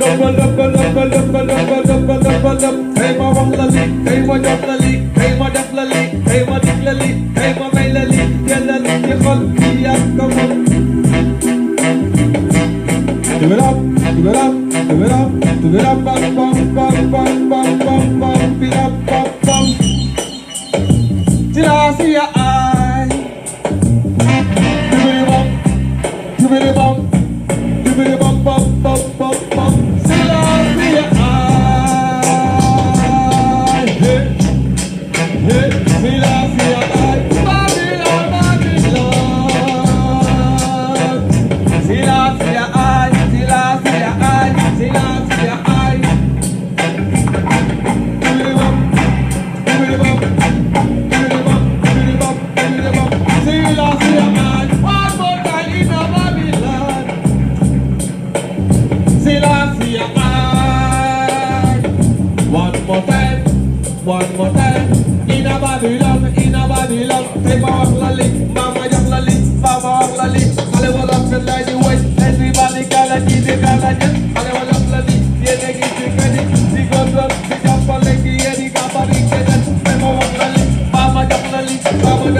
doppal doppal doppal doppal doppal doppal doppal dopp kay ma wax la li kay ma jox la li kay ma def la li kay ma dig la li kay ma may la li kenn li ci xol bi yaa ko moom tubiram tubiram tubiram tubiram bam bam bam bam bam bam bam biram bam bam tiraasi ya ay tubiribam tubiribam One more time. In a Babylon, in a Babylon. Mama wax la li, mama jox la li, papa wax la li. Xale wala seen lay di woy. Everybody gala ji di gala jël. Xale wala wax la li, yéen a ngi ci këdi. Di góorgóor di jàppale ki yéen i gàppari keneen. Mama wax la li, mama jox la li, papa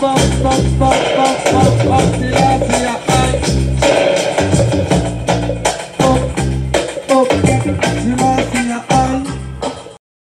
bom, bom, bom.